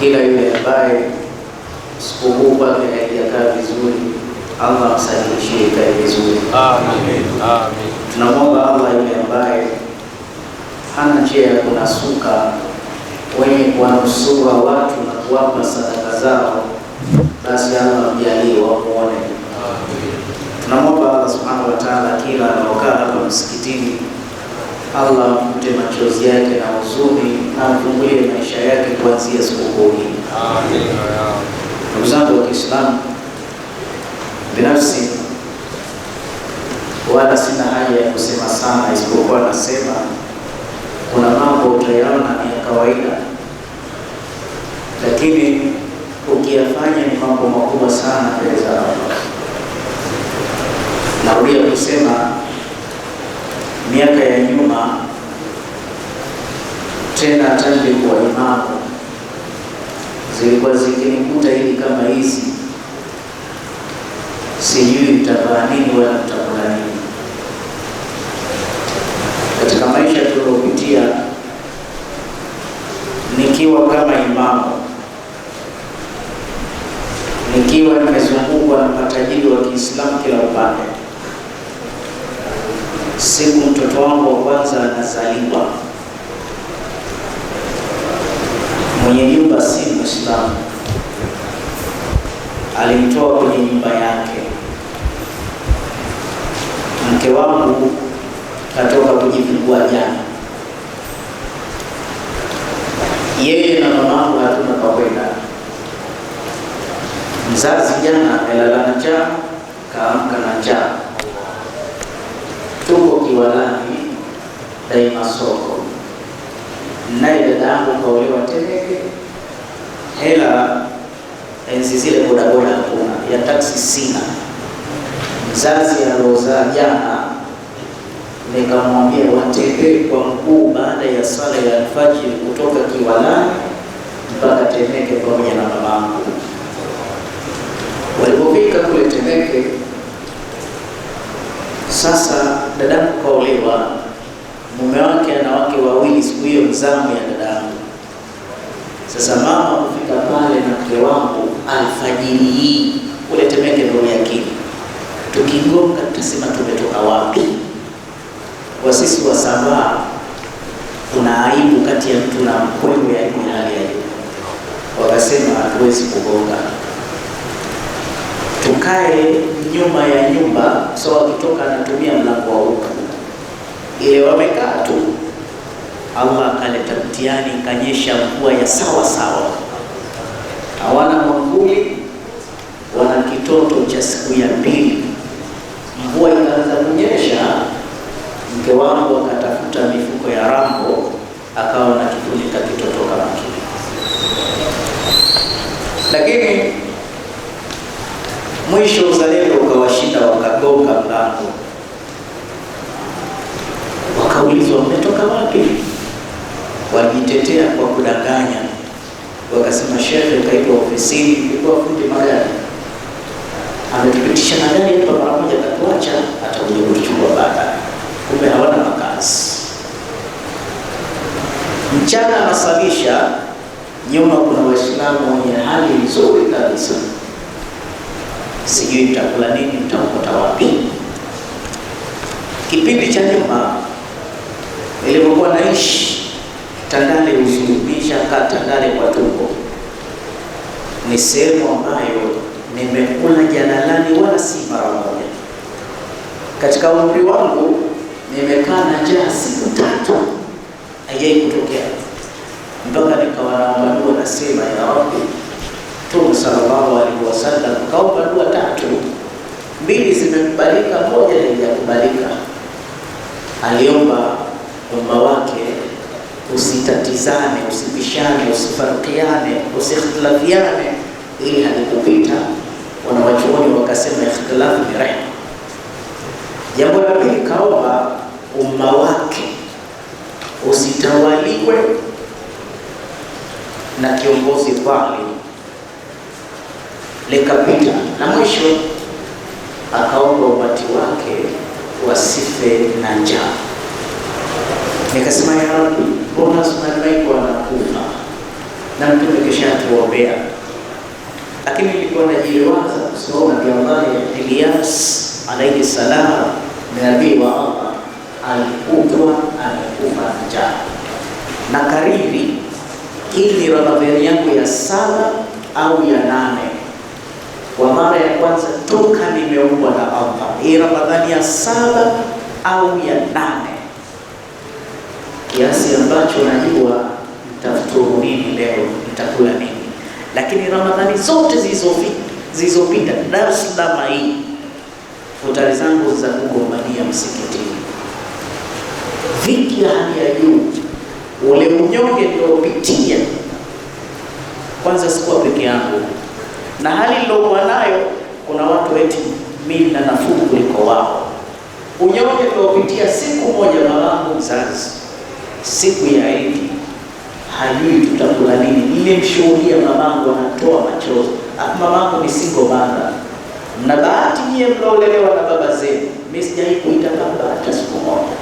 kila yule ambaye siku huu kwake haijakaa vizuri, Allah amsaliishie ikae vizuri. Tunamwomba Allah yule ambaye hana njia ya kunasuka wenye kuwanusua watu na kuwapa sadaka zao, basi Allah mjalii wakuone Tunamwomba Allah subhanahu wa ta'ala, kila anaokaa hapa msikitini Allah mkute machozi yake na huzuni na mfungulie maisha yake kuanzia sikukuu hii. Ndugu zangu wa Kiislamu, binafsi wala sina haja ya kusema sana, isipokuwa nasema kuna mambo utayaona ni ya kawaida, lakini ukiyafanya ni mambo makubwa sana mbele za Allah. Narudia kusema miaka ya nyuma, tena tambi kwa imamu zilikuwa zikinikuta hili kama hizi, sijui mtavaa nini wala mtakula nini. Katika maisha tuliopitia nikiwa kama imamu, nikiwa nimezungukwa na matajiri wa Kiislamu kila siku mtoto wangu wa kwanza anazaliwa, mwenye nyumba si Muislamu, alimtoa kwenye nyumba yake. Mke wangu katoka kujifungua jana, yeye na mama wangu hatuna pa kwenda. Mzazi jana amelala na njaa, kaamka na njaa walahi daima soko naye dadangu kaolewa Temeke, hela enzi zile bodaboda hakuna, ya taksi sina. Mzazi aliozaa jana nikamwambia watembee kwa mguu baada ya sala ya alfajiri kutoka Kiwalani mpaka Temeke pamoja na mamangu. Walipofika kule Temeke sasa dadangu kaolewa, mume wake ana wake wawili, siku hiyo mzamu ya dadangu. Sasa mama kufika pale na mke wangu alfajiri hii, kule Temeke ndio yakini, tukigonga tutasema tumetoka wapi. Kwa sisi Wasambaa kuna aibu kati ya mtu na mkwewe, aibu ya hali ya juu, wakasema hatuwezi kugonga akae nyuma ya nyumba, so wakitoka anatumia mlango wa huko. Ile wamekaa tu, Allah akaleta mtihani, kanyesha mvua ya sawa sawa, hawana mwanguli, wana kitoto cha siku ya mbili. Mvua ikaanza kunyesha, mke wangu akatafuta mifuko ya rambo, akawa anakifunika kitoto kama kile, lakini Mwisho uzalendo ukawashinda, wakagonga mlango, wakaulizwa mmetoka wapi? Walijitetea kwa kudanganya, wakasema shehe kaitwa ofisini, ilikuwa fundi magari, ametupitisha na gari hapa mara moja, katuacha, atakuja kuchukua baadaye. Kumbe hawana makazi. Mchana anasalisha, nyuma kuna Waislamu wenye hali nzuri kabisa sijui mtakula nini, mtaokota wapi. Kipindi cha nyuma nilipokuwa naishi Tandale, huzungumzia kata Tandale kwa tumbo, ni sehemu ambayo nimekula jalalani wala si mara moja. Katika umri wangu nimekaa na njaa siku tatu, haijai kutokea mpaka nikawa naomba dua, nasema ya Rabbi Mtume sallallahu alaihi wasallam kaomba dua tatu, mbili zimekubalika, moja haijakubalika. Aliomba umma wake usitatizane, usipishane, usifarikiane, usikhtilafiane ili halikupita. Wanawachuoni wakasema ikhtilafu ni rehma. Jambo la pili, kaomba umma wake usitawaliwe na kiongozi dhali likapita, na mwisho akaomba umati wake wasife na njaa. Nikasema, ya Rabbi, mbona Sulemani anakufa na mtume kishatuombea? Lakini nilikuwa najiwaza kusoma biallahi elias alaihi salam, nabii wa Allah, alikutwa amekufa na njaa na kariri hii ramadhani yangu ya saba au ya nane kwa mara ya kwanza toka nimeumbwa na Allah. Hii Ramadhani ya saba au ya nane, kiasi ambacho najua nitafuturu nini leo, nitakula nini. Lakini Ramadhani zote zilizopita, Dar es hii, futari zangu za kugombania msikitini, dhiki ya hali ya juu, ule unyonge niliopitia. Kwanza sikuwa peke yangu na hali lilokuwa nayo, kuna watu eti mimi na nafuu kuliko wao. Unyonge uliopitia siku moja mamangu mzazi, siku ya Idi, hajui tutakula nini. Nilimshuhudia mamangu anatoa machozi. Ah, mamangu ni single mother, na bahati nyie mlolelewa na baba zenu, mimi sijawahi kuita baba hata siku moja.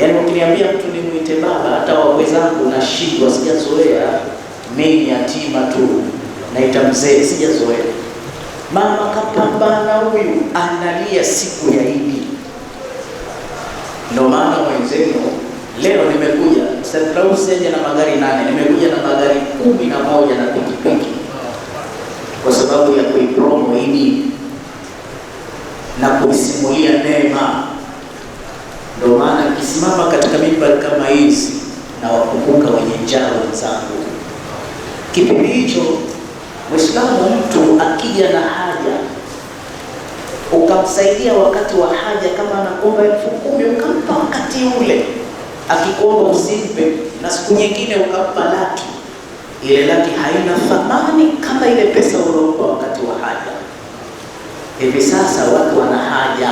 Yaani ukiniambia mtu nimwite baba, hata wawezangu nashindwa, sijazoea. Mimi yatima tu naita mzee, sijazoea. Mama kapambana, huyu analia siku ya Idi. Ndio maana mwenzenu leo nimekuja sije na magari nane, nimekuja na magari kumi na moja na pikipiki kwa sababu ya kuipromo Idi na kuisimulia neema. Ndio maana kisimama katika mimbari kama hizi na wakumbuka wenye njaa wenzangu kipindi hicho Mwislamu mtu akija na haja ukamsaidia wakati wa haja, kama anakuomba elfu kumi ukampa wakati ule, akikuomba usimpe, na siku nyingine ukampa laki. Ile laki haina thamani kama ile pesa uliokuwa wakati wa haja. Hivi sasa watu wana haja,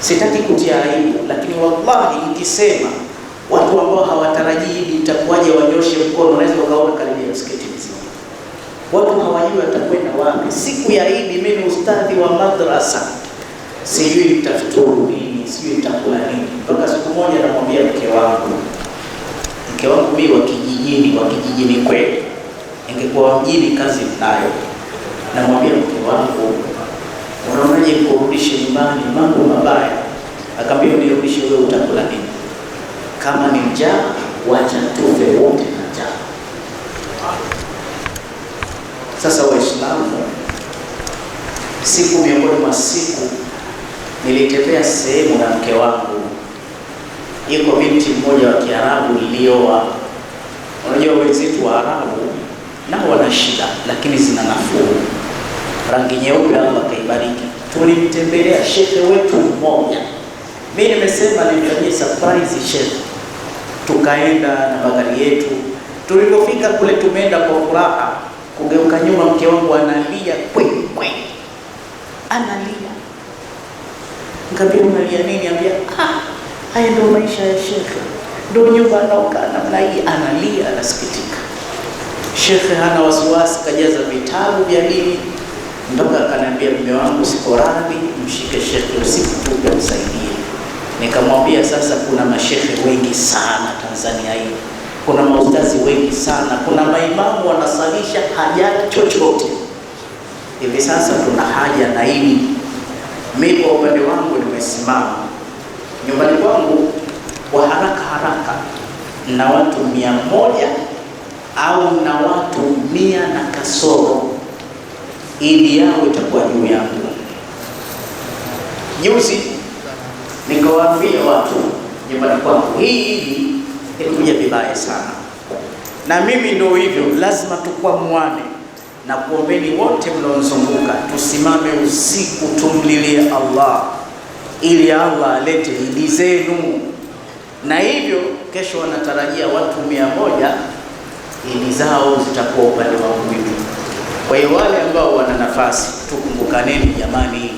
sitaki kutia aibu, lakini wallahi nikisema watu ambao hawatarajii itakuwaje wanyoshe mkono, naweza ukaona karibia msikitini watu hawajui watakwenda wapi. Siku ya Idi mimi ustadhi wa madrasa, sijui nitafuturu nini, sijui nitakula nini. Mpaka siku moja namwambia mke wangu, mke wangu, mimi wa kijijini, wa kijijini kweli, ingekuwa mjini kazi nayo. Namwambia mke wangu, unaonaje kurudisha nyumbani, mambo mabaya. Akaambia, nirudishe wewe, utakula nini? Kama ni njaa, wacha tufe wote Siku miongoni mwa siku nilitembea sehemu na mke wangu, iko binti mmoja wa Kiarabu nilioa. Unajua wenzetu wa Arabu nao wana shida, lakini zina nafuu. Rangi nyeupe Allah akaibariki. Tulimtembelea shekhe wetu mmoja, mi nimesema nimfanyie surprise shekhe. Tukaenda na magari yetu, tulipofika kule tumeenda kwa furaha, kugeuka nyuma, mke wangu analia kweli analia. Nikamwambia unalia nini? Ambia ah, haya ndio maisha ya shekhe, ndio nyumba anaoka namna hii, analia, anasikitika. Shekhe hana wasiwasi, kajaza vitabu vya dini mpaka akaniambia, mume wangu siko radhi, mshike shekhe usiku tu msaidie. Nikamwambia sasa, kuna mashekhe wengi sana Tanzania hii, kuna maustazi wengi sana, kuna maimamu wanasalisha hajati chochote hivi sasa tuna haja na hili. Mimi kwa upande wangu nimesimama nyumbani kwangu kwa haraka haraka na watu mia moja au na watu mia na kasoro, ili yao itakuwa juu yangu. Juzi nikawaambia watu nyumbani kwangu, hii ilikuja vibaya sana, na mimi ndio hivyo, lazima tukwa mwane na kuombeni wote mnaomzunguka, tusimame usiku tumlilie Allah ili Allah alete idi zenu. Na hivyo kesho wanatarajia watu mia moja hidi zao zitakuwa upande wa Ugwimbi. Kwa hiyo wale ambao wana nafasi, tukumbukaneni jamani,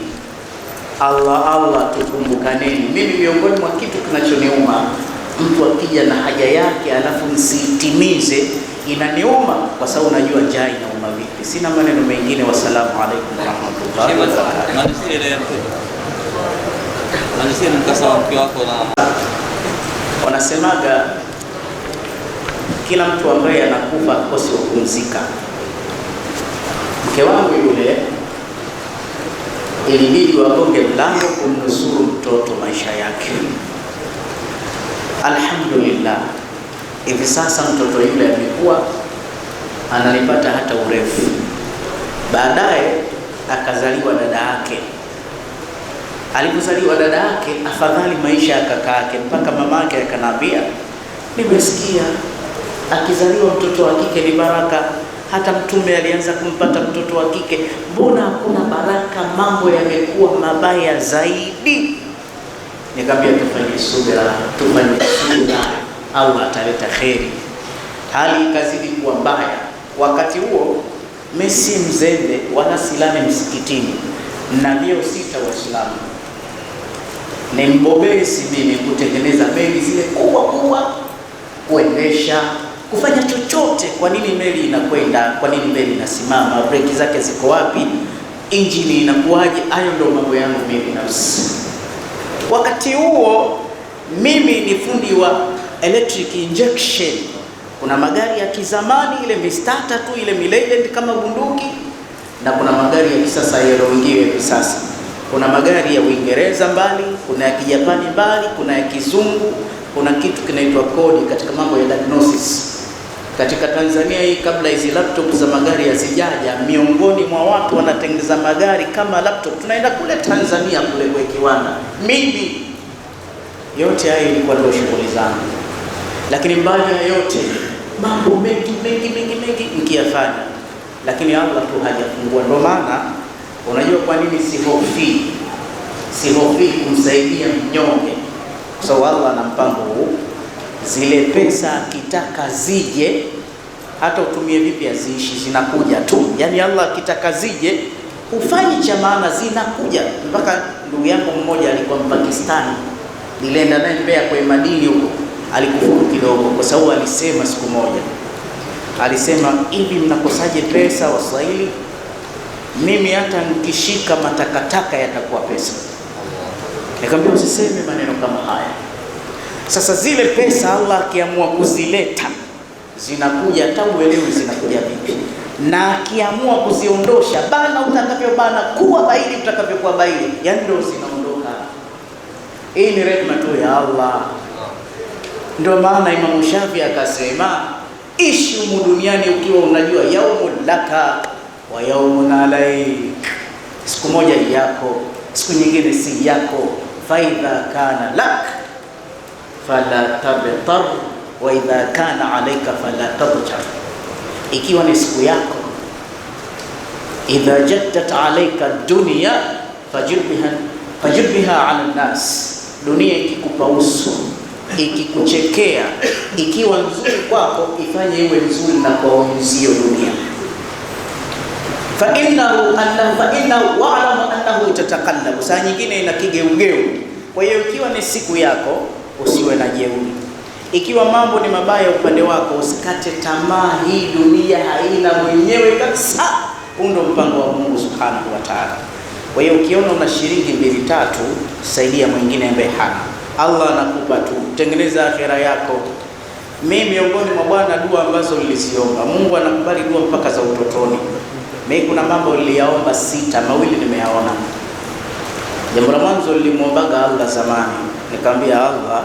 Allah Allah, tukumbukaneni. Mimi miongoni mwa kitu kinachoniuma mtu akija na haja yake alafu msitimize inaniuma kwa sababu najua njaa Sina maneno mengine, wassalamu alaikum warahmatullahi wabarakatuh. Wanasemaga kila mtu ambaye anakufa akosi kupumzika. Mke wangu yule ilibidi wagonge mlango kumnusuru mtoto maisha yake. Alhamdulillah, hivi sasa mtoto yule amekuwa analipata hata urefu. Baadaye akazaliwa dada yake. Alipozaliwa dada yake, afadhali maisha ya kaka yake, mpaka mama yake akanambia, nimesikia akizaliwa mtoto wa kike ni baraka. Hata Mtume alianza kumpata mtoto wa kike, mbona hakuna baraka? Mambo yamekuwa mabaya zaidi. Nikamwambia tufanye subira, tufanye subira, au ataleta kheri. Hali ikazidi kuwa mbaya Wakati huo mimi si mzembe wala silani msikitini, na leo sita Waislamu ni mbobezi mimi kutengeneza meli zile kubwa kubwa, kuendesha, kufanya chochote. Kwa nini meli inakwenda? Kwa nini meli inasimama? breki zake ziko wapi? injini inakuwaje? Hayo ndio mambo yangu mimi nafsi. Wakati huo mimi ni fundi wa electric injection kuna magari ya kizamani ile mistata tu ile milele kama bunduki, na kuna magari ya kisasa yaliyoingia hivi sasa. Kuna magari ya Uingereza mbali, kuna ya Kijapani mbali, kuna ya kizungu, kuna kitu kinaitwa kodi katika mambo ya diagnosis. Katika Tanzania hii kabla hizi laptop za magari hazijaja, miongoni mwa watu wanatengeneza magari kama laptop, tunaenda kule Tanzania kule kwa kiwanda. Mimi yote hayo ilikuwa ndio shughuli zangu. Lakini mbali ya yote mambo mengi mengi mengi mengi mkiyafanya, lakini Allah tu hajafungua. Ndio maana unajua kwa nini sihofi sihofi kumsaidia mnyonge, kwa sababu Allah ana mpango huu. Zile pesa akitaka zije, hata utumie vipi, aziishi zinakuja tu. Yani Allah akitaka zije hufanyi cha maana, zinakuja. Mpaka ndugu yangu mmoja alikuwa Mpakistani, nilienda naye Mbeya kwa madini huko alikufuru kidogo, kwa sababu alisema siku moja, alisema hivi, mnakosaje pesa Waswahili? Mimi hata nikishika matakataka yatakuwa pesa. Nikamwambia usiseme maneno kama haya. Sasa zile pesa Allah akiamua kuzileta zinakuja, hata uelewe zinakuja vipi, na akiamua kuziondosha, bana utakavyobana, kuwa baili utakavyokuwa baili, yani ndio zinaondoka. Hii ni rehema tu ya Allah. Ndio maana Imamu Shafi akasema ishi humu duniani ukiwa unajua yaumun laka wa yaumun alaik, siku moja yako, siku nyingine si yako. Faidha kana lak fala tabtar wa idha kana alaika fala tabtar, ikiwa ni siku yako idha jaddat alaika dunia fajir biha ala nas, dunia ikikupa uso ikikuchekea, ikiwa nzuri kwako, ifanye iwe nzuri na kwa wenzio dunia. Fa anahu annahu wa'lamu annahu tatakallamu, saa nyingine ina kigeugeu. Kwa hiyo ikiwa ni siku yako, usiwe na jeuri. Ikiwa mambo ni mabaya upande wako, usikate tamaa. Hii dunia haina mwenyewe kabisa. Huu mpango wa Mungu subhanahu wa taala. Kwa hiyo ukiona una shilingi mbili tatu, saidia mwingine ambaye hana. Allah anakupa tu, tengeneza akhera yako. Mimi miongoni mwa bwana dua ambazo niliziomba, Mungu anakubali dua mpaka za utotoni. Mimi kuna mambo niliyaomba sita, mawili nimeyaona. Jambo la mwanzo nilimwombaga Allah zamani, nikamwambia Allah,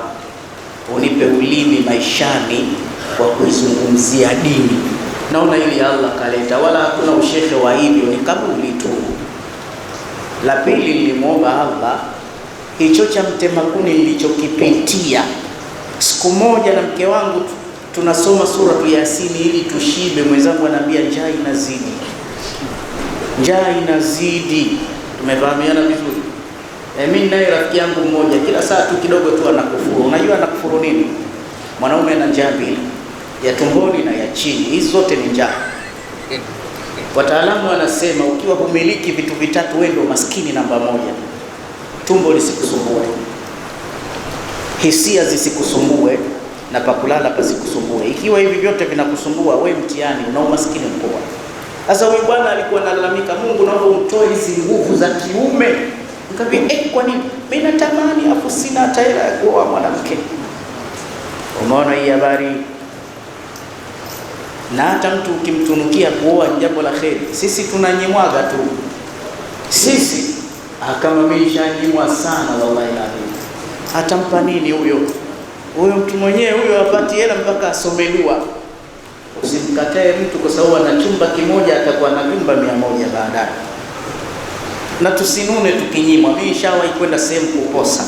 unipe ulimi maishani kwa kuizungumzia dini. Naona ili Allah kaleta, wala hakuna ushehe wa hivyo, ni kabuli tu. La pili nilimwomba Allah hicho cha mtema kuni nilichokipitia. Siku moja na mke wangu tunasoma tu Yasini ili tushibe, mwenzangu anaambia njaa inazidi, njaa inazidi. Tumefahamiana vizuri. E, mimi naye rafiki yangu mmoja kila saa tu kidogo tu anakufuru. Unajua anakufuru nini? Mwanaume ana njaa mbili, ya tumboni na ya chini, hizi zote ni njaa. Wataalamu wanasema ukiwa humiliki vitu vitatu, wewe ndio maskini namba moja tumbo lisikusumbue, hisia zisikusumbue na pakulala pasikusumbue. Ikiwa hivi vyote vinakusumbua, we mtihani una umaskini mkubwa. Sasa huyu bwana alikuwa analalamika, Mungu naomba umtoe hizi nguvu za kiume. Nikamwambia eh, kwa nini mimi natamani afu sina hata hela ya kuoa mwanamke. Umeona hii habari? Na hata mtu ukimtunukia kuoa ni jambo la kheri, sisi tunanyemwaga tu sisi kama mimi shanyimwa sana wallahi alim, atampa nini huyo huyo? Mtu mwenyewe huyo apati hela mpaka asomeliwa. Usimkatae mtu kwa sababu ana chumba kimoja, atakuwa na vyumba mia moja baadaye. Na tusinune tukinyimwa. Mimi nishawahi kwenda sehemu kuposa,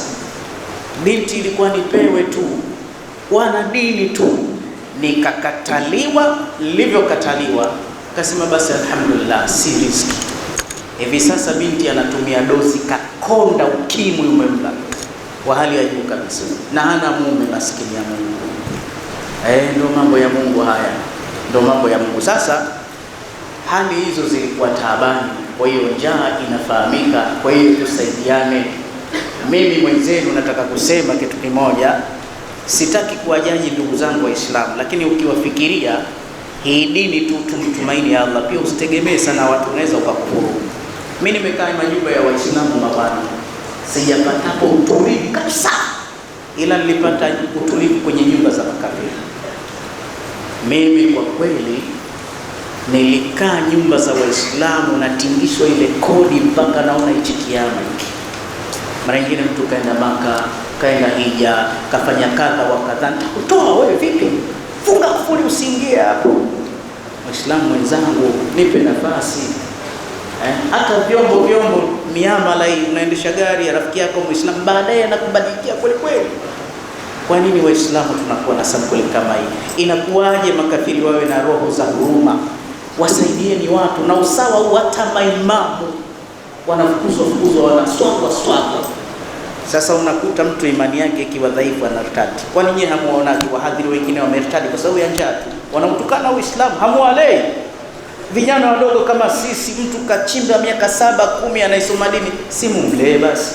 binti ilikuwa nipewe tu, wana dini tu, nikakataliwa. Nilivyokataliwa kasema basi, alhamdulillah si riziki Hivi sasa binti anatumia dozi kakonda, ukimwi umemla wa hali ya juu kabisa, na hana mume, maskini ya Mungu. Eh, ndo mambo ya Mungu haya, ndo mambo ya Mungu. Sasa hali hizo zilikuwa taabani, kwa hiyo njaa inafahamika. Kwa hiyo tusaidiane. Mimi mwenzenu nataka kusema kitu kimoja, sitaki kuwajaji ndugu zangu Waislamu, lakini ukiwafikiria hii dini tu, tumtumaini Allah, pia usitegemee sana watu, unaweza ukakufuru mimi nimekaa majumba ya Waislamu mabana, sijapata hapo utulivu kabisa, ila nilipata utulivu kwenye nyumba za makafiri. Mimi kwa kweli nilikaa nyumba za Waislamu natingishwa ile kodi mpaka naona hichi kiama hiki. Mara nyingine mtu kaenda Maka, kaenda hija, kafanya kadha wa kadha, nitakutoa wewe vipi? Funga kufuli, usiingie hapo. Waislamu wenzangu, nipe nafasi Eh? hata vyombo vyombo miamala hii, unaendesha gari ya rafiki yako Muislamu, baadaye anakubadikia kweli kweli. Kwa nini Waislamu tunakuwa na sampuli kama hii? Inakuwaje makafiri wawe na roho za huruma? Wasaidieni watu na usawa huu, hata maimamu wanafukuzwa fukuzwa, wanaswakwa swakwa. Sasa unakuta mtu imani yake ikiwa dhaifu anartadi. Kwani nyie hamuonaji wahadhiri wengine wamertadi kwa sababu ya njaa, wanamtukana Uislamu hamuwalei Vijana wadogo kama sisi, mtu kachimba miaka saba kumi, anaisoma dini, si mumlee basi.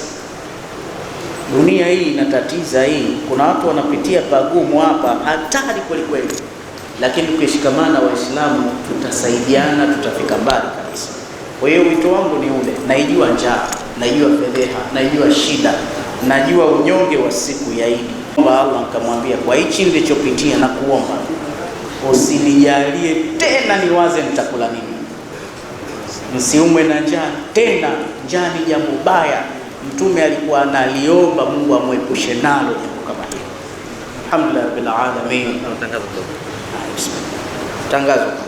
Dunia hii inatatiza hii, kuna watu wanapitia pagumu hapa, hatari kwelikweli, lakini tukishikamana Waislamu tutasaidiana, tutafika mbali kabisa. Kwa hiyo wito wangu ni ule, naijua njaa, naijua fedheha, naijua shida, najua unyonge wa siku ya Idi, omba Allah, nikamwambia kwa hichi nilichopitia na kuomba usinijalie tena niwaze nitakula nini. Msiumwe na njaa tena. Njaa ni jambo baya, Mtume alikuwa analiomba Mungu amwepushe nalo jambo kama hilo. Alhamdulillah rabbil alamin. Tangazo.